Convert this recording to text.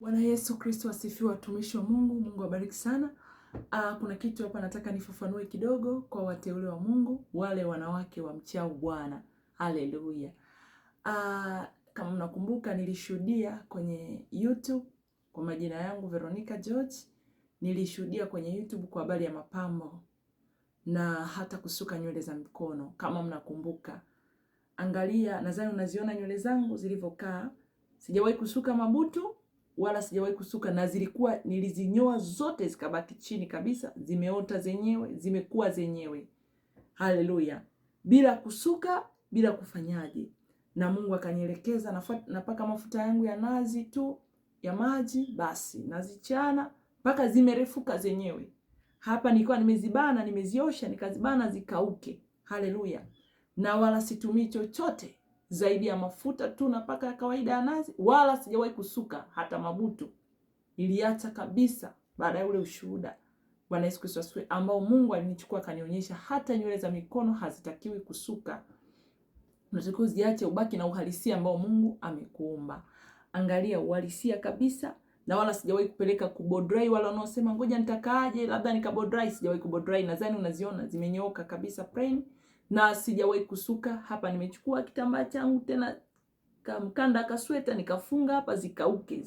Bwana Yesu Kristo asifiwe, watumishi wa Mungu. Mungu awabariki sana. Aa, ah, kuna kitu hapa nataka nifafanue kidogo kwa wateule wa Mungu, wale wanawake wa mchao Bwana. Haleluya. Ah, kama mnakumbuka, nilishuhudia kwenye YouTube kwa majina yangu Veronica George, nilishuhudia kwenye YouTube kwa habari ya mapambo na hata kusuka nywele za mkono. Kama mnakumbuka, angalia, nadhani unaziona nywele zangu zilivyokaa, sijawahi kusuka mabutu wala sijawahi kusuka, na zilikuwa nilizinyoa zote zikabaki chini kabisa, zimeota zenyewe, zimekuwa zenyewe. Haleluya, bila kusuka, bila kufanyaje. Na Mungu akanielekeza, napaka mafuta yangu ya nazi tu ya maji, basi nazichana mpaka zimerefuka zenyewe. Hapa nilikuwa nimezibana, nimeziosha, nikazibana zikauke. Haleluya, na wala situmii chochote zaidi ya mafuta tu na paka ya kawaida ya nazi, wala sijawahi kusuka hata mabutu. Iliacha kabisa baada ya ule ushuhuda. Bwana Yesu Kristo asifiwe, ambao Mungu alinichukua akanionyesha hata nywele za mikono hazitakiwi kusuka. Unatakiwa uziache, ubaki na uhalisia ambao Mungu amekuumba. Angalia uhalisia kabisa, na wala sijawahi kupeleka kubodrai. Wala wanaosema ngoja nitakaaje, labda nikabodrai, sijawahi kubodrai. Nadhani unaziona zimenyooka kabisa plain na sijawahi kusuka hapa. Nimechukua kitambaa changu tena kamkanda kasweta nikafunga hapa zikauke